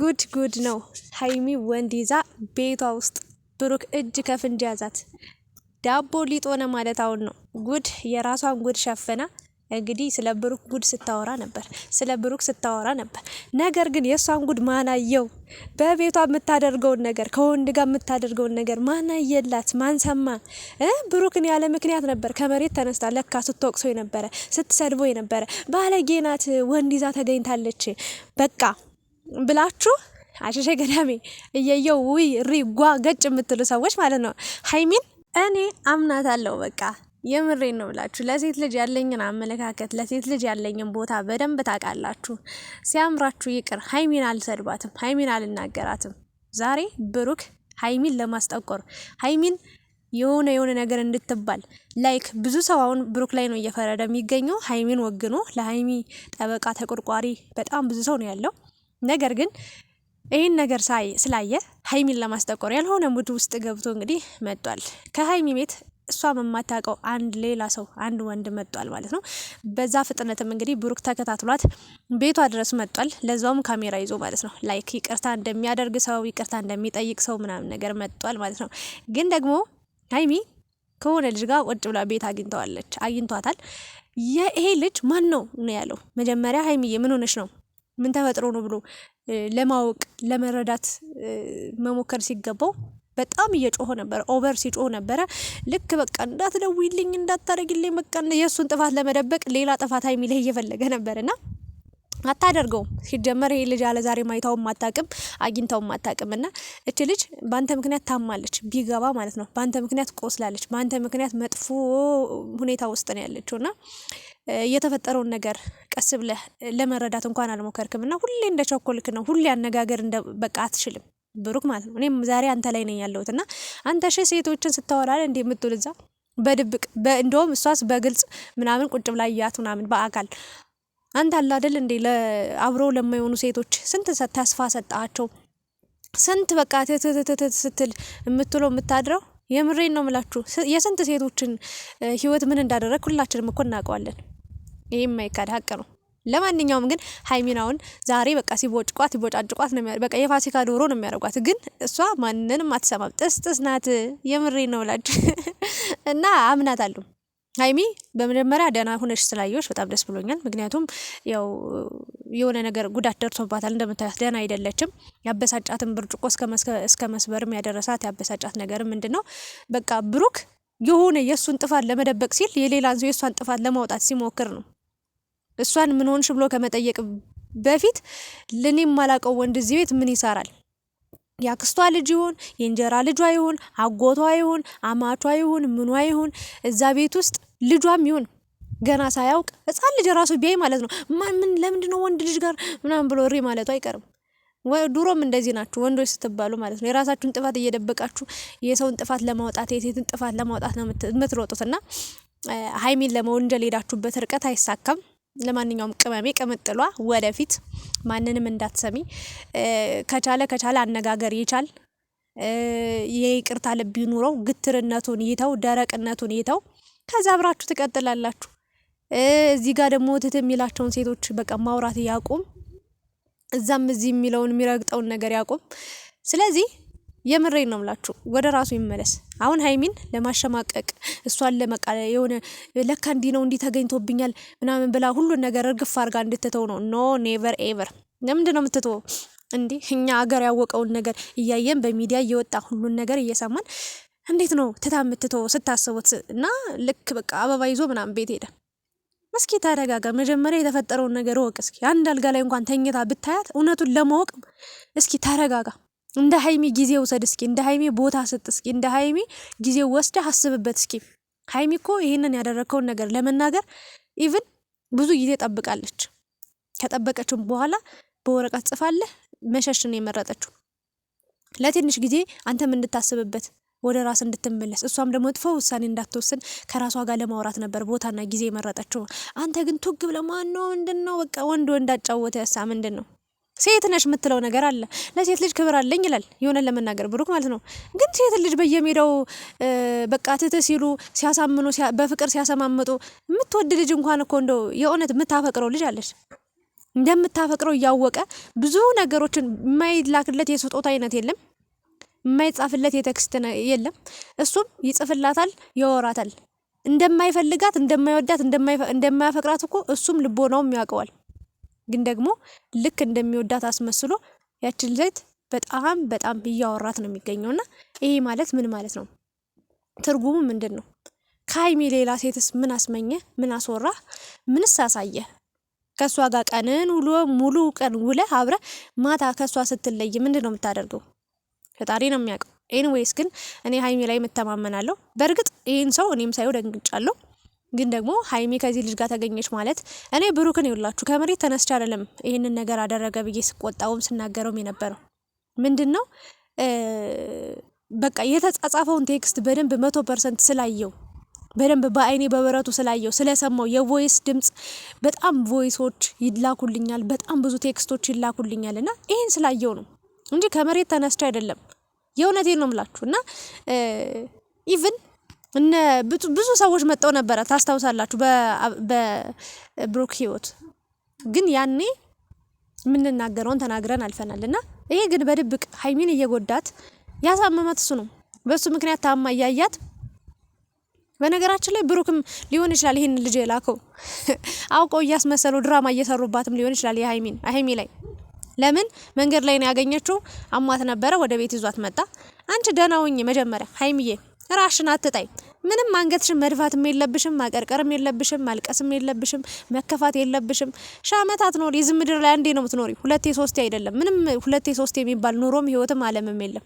ጉድ ጉድ ነው! ሀይሚ ወንድ ይዛ ቤቷ ውስጥ ብሩክ እጅ ከፍንጅ ያዛት። ዳቦ ሊጥ ማለት አሁን ነው። ጉድ የራሷን ጉድ ሸፍና እንግዲህ ስለ ብሩክ ጉድ ስታወራ ነበር፣ ስለ ብሩክ ስታወራ ነበር። ነገር ግን የእሷን ጉድ ማናየው? በቤቷ የምታደርገውን ነገር ከወንድ ጋር የምታደርገውን ነገር ማናየላት? ማንሰማ ብሩክን ያለ ምክንያት ነበር ከመሬት ተነስታ ለካ ስትወቅሶ የነበረ ስትሰድቦ የነበረ ባለጌ ወንድ ይዛ ተገኝታለች፣ በቃ ብላችሁ አሸሸ ገዳሜ እየየው ውይ ሪ ጓ ገጭ የምትሉ ሰዎች ማለት ነው ሀይሚን እኔ አምናት አለው በቃ የምሬን ነው ብላችሁ ለሴት ልጅ ያለኝን አመለካከት ለሴት ልጅ ያለኝን ቦታ በደንብ ታውቃላችሁ። ሲያምራችሁ ይቅር ሀይሚን አልሰድባትም፣ ሀይሚን አልናገራትም። ዛሬ ብሩክ ሀይሚን ለማስጠቆር ሀይሚን የሆነ የሆነ ነገር እንድትባል ላይክ ብዙ ሰው አሁን ብሩክ ላይ ነው እየፈረደ የሚገኘው ሀይሚን ወግኖ ለሀይሚ ጠበቃ ተቆርቋሪ በጣም ብዙ ሰው ነው ያለው። ነገር ግን ይህን ነገር ስላየ ሀይሚን ለማስጠቆር ያልሆነ ሙድ ውስጥ ገብቶ እንግዲህ መጧል። ከሀይሚ ቤት እሷ የማታውቀው አንድ ሌላ ሰው አንድ ወንድ መጧል ማለት ነው። በዛ ፍጥነትም እንግዲህ ብሩክ ተከታትሏት ቤቷ ድረስ መጧል። ለዛውም ካሜራ ይዞ ማለት ነው። ላይክ ይቅርታ እንደሚያደርግ ሰው ይቅርታ እንደሚጠይቅ ሰው ምናምን ነገር መጧል ማለት ነው። ግን ደግሞ ሀይሚ ከሆነ ልጅ ጋር ቁጭ ብላ ቤት አግኝተዋለች አግኝቷታል። ይሄ ልጅ ማን ነው ነው ያለው መጀመሪያ ሀይሚዬ ምን ሆነች ነው ምን ተፈጥሮ ነው ብሎ ለማወቅ ለመረዳት መሞከር ሲገባው በጣም እየጮኸ ነበረ። ኦቨር ሲጮህ ነበረ። ልክ በቃ እንዳትደውይልኝ፣ እንዳታረግልኝ፣ በቃ የእሱን ጥፋት ለመደበቅ ሌላ ጥፋት ሀይሚ ላይ እየፈለገ እና አታደርገውም ሲጀመር ይሄ ልጅ አለዛሬ ዛሬ ማይታውም አታቅም አግኝታውም አታቅም። እና እች ልጅ በአንተ ምክንያት ታማለች፣ ቢገባ ማለት ነው። በአንተ ምክንያት ቆስላለች፣ በአንተ ምክንያት መጥፎ ሁኔታ ውስጥ ነው ያለችው። እና የተፈጠረውን ነገር ቀስ ብለህ ለመረዳት እንኳን አልሞከርክም። እና ሁሌ እንደ ቸኮልክ ነው፣ ሁሌ አነጋገር በቃ አትችልም ብሩክ ማለት ነው። እኔም ዛሬ አንተ ላይ ነኝ ያለሁት እና አንተ ሺህ ሴቶችን ስታወራል እንዲህ የምትውል እዛ በድብቅ እንደውም እሷስ በግልጽ ምናምን ቁጭ ብላ እያት ምናምን በአካል አንተ አለ አይደል እንዴ ለአብሮ ለማይሆኑ ሴቶች ስንት ተስፋ ሰጣቸው፣ ስንት በቃ ትትትት ስትል የምትለው የምታድረው። የምሬን ነው ምላችሁ የስንት ሴቶችን ህይወት ምን እንዳደረግ ሁላችንም እኮ እናውቀዋለን። ይህ የማይካድ ሀቅ ነው። ለማንኛውም ግን ሀይሚናውን ዛሬ በቃ ሲቦጭቋት ይቦጫጭቋት ነው በቃ የፋሲካ ዶሮ ነው የሚያደርጓት። ግን እሷ ማንንም አትሰማም። ጥስጥስ ናት። የምሬ ነው ላችሁ እና አምናት አለሁ ሀይሚ በመጀመሪያ ደህና ሁነሽ ስላየሁሽ በጣም ደስ ብሎኛል። ምክንያቱም ያው የሆነ ነገር ጉዳት ደርሶባታል እንደምታያት ደህና አይደለችም። ያበሳጫትን ብርጭቆ እስከ መስበርም ያደረሳት ያበሳጫት ነገር ምንድን ነው? በቃ ብሩክ የሆነ የእሱን ጥፋት ለመደበቅ ሲል የሌላን ሰው የእሷን ጥፋት ለማውጣት ሲሞክር ነው። እሷን ምን ሆንሽ ብሎ ከመጠየቅ በፊት ለእኔ የማላውቀው ወንድ እዚህ ቤት ምን ይሰራል ያክስቷ ልጅ ይሁን የእንጀራ ልጇ ይሁን አጎቷ ይሁን አማቿ ይሁን ምኗ ይሁን እዛ ቤት ውስጥ ልጇም ይሁን ገና ሳያውቅ ህፃን ልጅ ራሱ ቢያይ ማለት ነው ማን ምን ለምንድን ነው ወንድ ልጅ ጋር ምናምን ብሎ ሪ ማለቱ አይቀርም። ድሮም እንደዚህ ናችሁ ወንዶች ስትባሉ ማለት ነው። የራሳችሁን ጥፋት እየደበቃችሁ የሰውን ጥፋት ለማውጣት የሴትን ጥፋት ለማውጣት ነው የምትሮጡት እና ሀይሚን ለመወንጀል ሄዳችሁበት ርቀት አይሳካም። ለማንኛውም ቅመሜ ቅምጥሏ ወደፊት ማንንም እንዳትሰሚ ከቻለ ከቻለ አነጋገር ይቻል። የይቅርታ ልብ ይኑረው። ግትርነቱን ይተው፣ ደረቅነቱን ይተው። ከዛ አብራችሁ ትቀጥላላችሁ። እዚህ ጋር ደግሞ ትት የሚላቸውን ሴቶች በቃ ማውራት ያቁም። እዛም እዚህ የሚለውን የሚረግጠውን ነገር ያቁም። ስለዚህ የምሬን ነው ምላችሁ፣ ወደ ራሱ ይመለስ። አሁን ሀይሚን ለማሸማቀቅ እሷን ለመቃለ የሆነ ለካ እንዲ ነው እንዲ ተገኝቶብኛል ምናምን ብላ ሁሉን ነገር እርግፍ አርጋ እንድትተው ነው። ኖ ኔቨር ኤቨር። ለምንድን ነው የምትተው? እንዲህ እኛ አገር ያወቀውን ነገር እያየን በሚዲያ እየወጣ ሁሉን ነገር እየሰማን እንዴት ነው ትታ የምትተው? ስታስቡት? እና ልክ በቃ አበባ ይዞ ምናምን ቤት ሄደ። እስኪ ተረጋጋ። መጀመሪያ የተፈጠረውን ነገር እወቅ። እስኪ አንድ አልጋ ላይ እንኳን ተኝታ ብታያት እውነቱን ለማወቅ እስኪ ተረጋጋ። እንደ ሀይሚ ጊዜ ውሰድ እስኪ፣ እንደ ሀይሚ ቦታ ስጥ እስኪ፣ እንደ ሀይሚ ጊዜ ወስደ አስብበት እስኪ። ሀይሚ እኮ ይህንን ያደረግከውን ነገር ለመናገር ኢቭን ብዙ ጊዜ ጠብቃለች። ከጠበቀችው በኋላ በወረቀት ጽፋለህ መሸሽን የመረጠችው ለትንሽ ጊዜ አንተም እንድታስብበት ወደ ራስ እንድትመለስ እሷም ደግሞ ጥፎ ውሳኔ እንዳትወስን ከራሷ ጋር ለማውራት ነበር ቦታና ጊዜ የመረጠችው። አንተ ግን ቱግ ብለህ ነው ምንድን ነው በቃ ወንድ ወንድ አጫወተ ያሳ ምንድን ነው ሴት ነሽ የምትለው ነገር አለ። ለሴት ልጅ ክብር አለኝ ይላል የሆነ ለመናገር ብሩክ ማለት ነው። ግን ሴት ልጅ በየሜዳው በቃ ትትህ ሲሉ ሲያሳምኑ፣ በፍቅር ሲያሰማምጡ የምትወድ ልጅ እንኳን እኮ እንደው የእውነት የምታፈቅረው ልጅ አለች እንደምታፈቅረው እያወቀ ብዙ ነገሮችን የማይላክለት የስጦታ አይነት የለም፣ የማይጻፍለት የቴክስት የለም። እሱም ይጽፍላታል፣ ያወራታል። እንደማይፈልጋት እንደማይወዳት እንደማያፈቅራት እኮ እሱም ልቦናውም ያውቀዋል። ግን ደግሞ ልክ እንደሚወዳት አስመስሎ ያችን ሴት በጣም በጣም እያወራት ነው የሚገኘው። እና ይሄ ማለት ምን ማለት ነው? ትርጉሙ ምንድን ነው? ከሀይሚ ሌላ ሴትስ ምን አስመኘህ? ምን አስወራህ? ምንስ አሳየህ? ከእሷ ጋር ቀንን ውሎ ሙሉ ቀን ውለ አብረ ማታ ከእሷ ስትለይ ምንድን ነው የምታደርገው? ፈጣሪ ነው የሚያውቀው። ኤኒዌይስ ግን እኔ ሀይሚ ላይ መተማመናለሁ። በእርግጥ ይህን ሰው እኔም ሳይው ደንግጫለሁ። ግን ደግሞ ሀይሚ ከዚህ ልጅ ጋር ተገኘች ማለት እኔ ብሩክን ይውላችሁ ከመሬት ተነስቼ አይደለም ይህንን ነገር አደረገ ብዬ ስቆጣውም ስናገረውም የነበረው ምንድን ነው በቃ የተጻጻፈውን ቴክስት በደንብ መቶ ፐርሰንት ስላየው በደንብ በአይኔ በብረቱ ስላየው ስለሰማው የቮይስ ድምፅ በጣም ቮይሶች ይላኩልኛል፣ በጣም ብዙ ቴክስቶች ይላኩልኛል እና ይህን ስላየው ነው እንጂ ከመሬት ተነስቼ አይደለም። የእውነቴን ነው የምላችሁ እና ኢቭን እነ ብዙ ሰዎች መጠው ነበረ ታስታውሳላችሁ፣ በብሩክ ህይወት ግን ያኔ የምንናገረውን ተናግረን አልፈናል። እና ይሄ ግን በድብቅ ሀይሚን እየጎዳት ያሳመማት እሱ ነው። በእሱ ምክንያት ታማ እያያት በነገራችን ላይ ብሩክም ሊሆን ይችላል ይህን ልጅ የላከው አውቀው እያስመሰሉ ድራማ እየሰሩባትም ሊሆን ይችላል። የሀይሚን ሀይሚ ላይ ለምን መንገድ ላይ ነው ያገኘችው? አሟት ነበረ። ወደ ቤት ይዟት መጣ። አንቺ ደህና ሁኚ መጀመሪያ ሀይሚዬ ራሽን አትጣይ። ምንም አንገትሽን መድፋትም የለብሽም፣ ማቀርቀርም የለብሽም፣ ማልቀስም የለብሽም፣ መከፋት የለብሽም። ሺ ዓመታት ኖሪ። የዚህ ምድር ላይ አንዴ ነው ምትኖሪ፣ ሁለቴ ሶስቴ አይደለም። ምንም ሁለቴ ሶስቴ የሚባል ኑሮም ህይወትም አለምም የለም።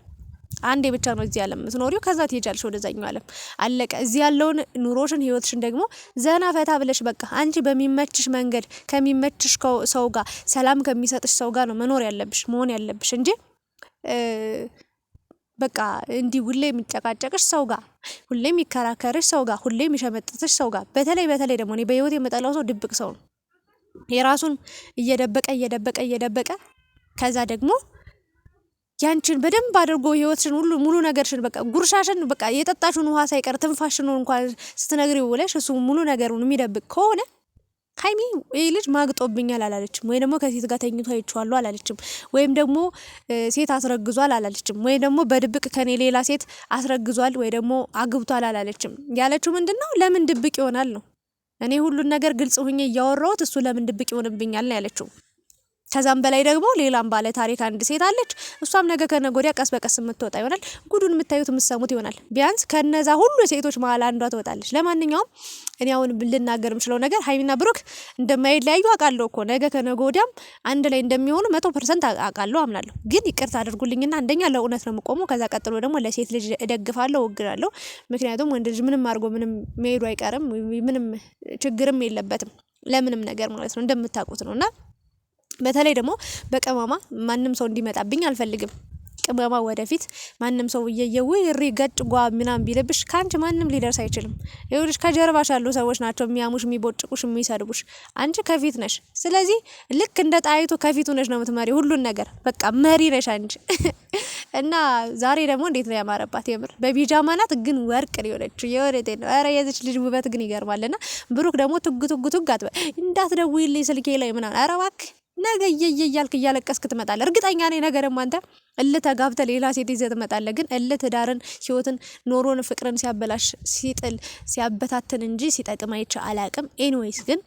አንዴ ብቻ ነው እዚህ ዓለም የምትኖሪው። ከዛ ትሄጃለሽ ወደዛኛው ዓለም፣ አለቀ። እዚህ ያለውን ኑሮሽን ህይወትሽን ደግሞ ዘና ፈታ ብለሽ በቃ አንቺ በሚመችሽ መንገድ ከሚመችሽ ሰው ጋር ሰላም ከሚሰጥሽ ሰው ጋር ነው መኖር ያለብሽ መሆን ያለብሽ እንጂ በቃ እንዲህ ሁሌ የሚጨቃጨቅሽ ሰው ጋር፣ ሁሌ የሚከራከርሽ ሰው ጋር፣ ሁሌ የሚሸመጥትሽ ሰው ጋር። በተለይ በተለይ ደግሞ እኔ በህይወት የምጠላው ሰው ድብቅ ሰው ነው። የራሱን እየደበቀ እየደበቀ እየደበቀ ከዛ ደግሞ ያንችን በደንብ አድርጎ ህይወትሽን ሁሉ ሙሉ ነገርሽን በቃ ጉርሻሽን በቃ የጠጣሽን ውሃ ሳይቀር ትንፋሽን እንኳን ስትነግሪ ውለሽ እሱ ሙሉ ነገሩን የሚደብቅ ከሆነ ሀይሚ ይህ ልጅ ማግጦብኛል አላለችም፣ ወይ ደግሞ ከሴት ጋር ተኝቶ አይቼዋለሁ አላለችም፣ ወይም ደግሞ ሴት አስረግዟል አላለችም፣ ወይ ደግሞ በድብቅ ከኔ ሌላ ሴት አስረግዟል ወይ ደግሞ አግብቷል አላለችም። ያለችው ምንድን ነው? ለምን ድብቅ ይሆናል ነው። እኔ ሁሉን ነገር ግልጽ ሁኜ እያወራሁት እሱ ለምን ድብቅ ይሆንብኛል ነው ያለችው። ከዛም በላይ ደግሞ ሌላም ባለ ታሪክ አንድ ሴት አለች። እሷም ነገ ከነገ ወዲያ ቀስ በቀስ የምትወጣ ይሆናል። ጉዱን የምታዩት የምትሰሙት ይሆናል። ቢያንስ ከነዛ ሁሉ ሴቶች መሀል አንዷ ትወጣለች። ለማንኛውም እኔ አሁን ልናገር የምችለው ነገር ሀይሚና ብሩክ እንደማይለያዩ አውቃለሁ እኮ ነገ ከነገ ወዲያም አንድ ላይ እንደሚሆኑ መቶ ፐርሰንት አውቃለሁ፣ አምናለሁ። ግን ይቅርታ አድርጉልኝና አንደኛ ለእውነት ነው የምቆመው። ከዛ ቀጥሎ ደግሞ ለሴት ልጅ እደግፋለሁ፣ እወግናለሁ። ምክንያቱም ወንድ ልጅ ምንም አድርጎ ምንም መሄዱ አይቀርም፣ ምንም ችግርም የለበትም ለምንም ነገር ማለት ነው። እንደምታውቁት ነው እና በተለይ ደግሞ በቅመማ ማንም ሰው እንዲመጣብኝ አልፈልግም። ቅመማ ወደፊት ማንም ሰው እየየው ሪ ገጭ ጓ ምናምን ቢለብሽ ከአንቺ ማንም ሊደርስ አይችልም። ይኸውልሽ ከጀርባሽ ያሉ ሰዎች ናቸው የሚያሙሽ፣ የሚቦጭቁሽ፣ የሚሰድቡሽ። አንቺ ከፊት ነሽ። ስለዚህ ልክ እንደ ጣይቱ ከፊቱ ነሽ ነው የምትመሪ ሁሉን ነገር በቃ መሪ ነሽ አንቺ። እና ዛሬ ደግሞ እንዴት ነው ያማረባት! የምር በቢጃማ ናት፣ ግን ወርቅ ነው የሆነችው። የወደቴ ነው። ኧረ የዚች ልጅ ውበት ግን ይገርማል። እና ብሩክ ደግሞ ቱግ ቱግ ቱግ አትበል፣ እንዳትደውይልኝ ስልኬ ላይ ምናምን። ኧረ እባክህ ነገ እየየ እያልክ እያለቀስክ ትመጣለህ። እርግጠኛ ነኝ ነገርም አንተ እልህ ተጋብተ ሌላ ሴት ይዘህ ትመጣለህ። ግን እልህ ትዳርን፣ ህይወትን፣ ኖሮን፣ ፍቅርን ሲያበላሽ፣ ሲጥል፣ ሲያበታትን እንጂ ሲጠቅም አይቼ አላቅም። ኤኒዌይስ ግን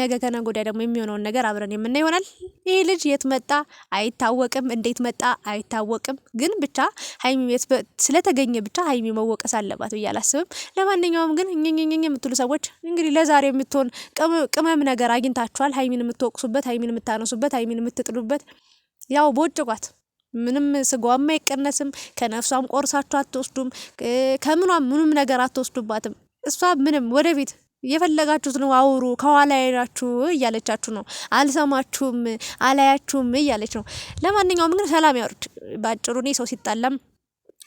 ነገ ከነገ ወዲያ ደግሞ የሚሆነውን ነገር አብረን የምናይ ይሆናል። ይሄ ልጅ የት መጣ አይታወቅም፣ እንዴት መጣ አይታወቅም። ግን ብቻ ሀይሚ ስለተገኘ ብቻ ሀይሚ መወቀስ አለባት ብዬ አላስብም። ለማንኛውም ግን እኝኝኝ የምትሉ ሰዎች እንግዲህ ለዛሬ የምትሆን ቅመም ነገር አግኝታችኋል። ሀይሚን የምትወቅሱበት፣ ሀይሚን የምታነሱበት፣ ሀይሚን የምትጥሉበት ያው በውጭ ጓት ምንም ስጋዋም አይቀነስም። ከነፍሷም ቆርሳችሁ አትወስዱም። ከምኗም ምንም ነገር አትወስዱባትም። እሷ ምንም ወደፊት ቤት የፈለጋችሁት ነው አውሩ፣ ከኋላ አይናችሁ እያለቻችሁ ነው። አልሰማችሁም፣ አላያችሁም እያለች ነው። ለማንኛውም ግን ሰላም ያወርድ። በአጭሩ እኔ ሰው ሲጣላም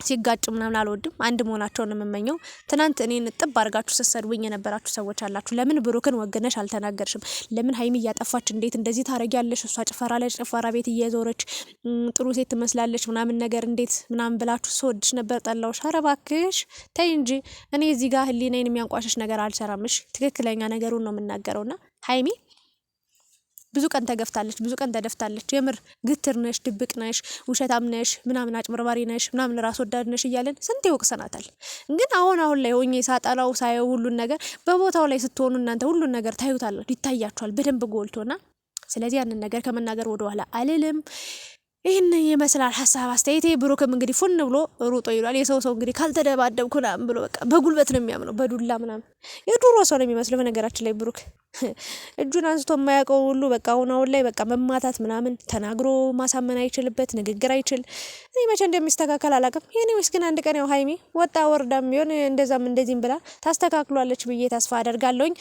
ሲጋጭ ምናምን አልወድም። አንድ መሆናቸውን ነው የምመኘው። ትናንት እኔን ጥብ አድርጋችሁ ስትሰድቡኝ የነበራችሁ ሰዎች አላችሁ። ለምን ብሩክን ወገነሽ አልተናገርሽም? ለምን ሀይሚ እያጠፋች እንዴት እንደዚህ ታደርጊያለሽ? እሷ ጭፈራ ላይ ጭፈራ ቤት እየዞረች ጥሩ ሴት ትመስላለች ምናምን ነገር እንዴት ምናምን ብላችሁ ስወድሽ ነበር ጠላውሽ። ኧረ እባክሽ ተይ እንጂ። እኔ እዚህ ጋር ህሊናዬን የሚያንቋሸሽ ነገር አልሰራምሽ። ትክክለኛ ነገሩን ነው የምናገረውና ሀይሚ ብዙ ቀን ተገፍታለች፣ ብዙ ቀን ተደፍታለች። የምር ግትር ነሽ፣ ድብቅ ነሽ፣ ውሸታም ነሽ፣ ምናምን አጭበርባሪ ነሽ፣ ምናምን ራስ ወዳድ ነሽ እያለን ስንት ይወቅሰናታል። ግን አሁን አሁን ላይ ሆኜ ሳጠላው ሳየው ሁሉን ነገር በቦታው ላይ ስትሆኑ እናንተ ሁሉን ነገር ታዩታላችሁ፣ ይታያችኋል በደንብ ጎልቶና ስለዚህ ያንን ነገር ከመናገር ወደኋላ አልልም። ይህን ይመስላል ሀሳብ አስተያየቴ። ብሩክም እንግዲህ ፉን ብሎ ሩጦ ይሏል። የሰው ሰው እንግዲህ ካልተደባደብኩ ምናምን ብሎ በቃ በጉልበት ነው የሚያምነው፣ በዱላ ምናምን የዱሮ ሰው ነው የሚመስለው በነገራችን ላይ ብሩክ እጁን አንስቶ የማያውቀው ሁሉ በቃ አሁን አሁን ላይ በቃ መማታት ምናምን ተናግሮ ማሳመን አይችልበት ንግግር አይችል። እኔ መቼ እንደሚስተካከል አላውቅም። ውስጥ ግን አንድ ቀን ያው ሀይሚ ወጣ ወርዳም ቢሆን እንደዛም እንደዚህም ብላ ታስተካክሏለች ብዬ ተስፋ አደርጋለሁኝ።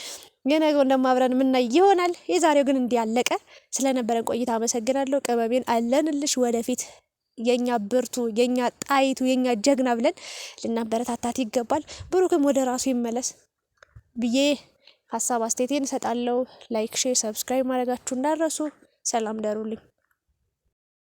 የነገው እንደማብረን የምናይ ይሆናል። የዛሬው ግን እንዲህ ስለነበረን ቆይታ አመሰግናለሁ። ቅመሜን አለንልሽ ወደፊት የኛ ብርቱ የኛ ጣይቱ የኛ ጀግና ብለን ልናበረታታት ይገባል። ብሩክም ወደ ራሱ ይመለስ ብዬ ሀሳብ አስተያየቴን እሰጣለሁ። ላይክ፣ ሼር፣ ሰብስክራይብ ማድረጋችሁ እንዳረሱ። ሰላም ደሩልኝ።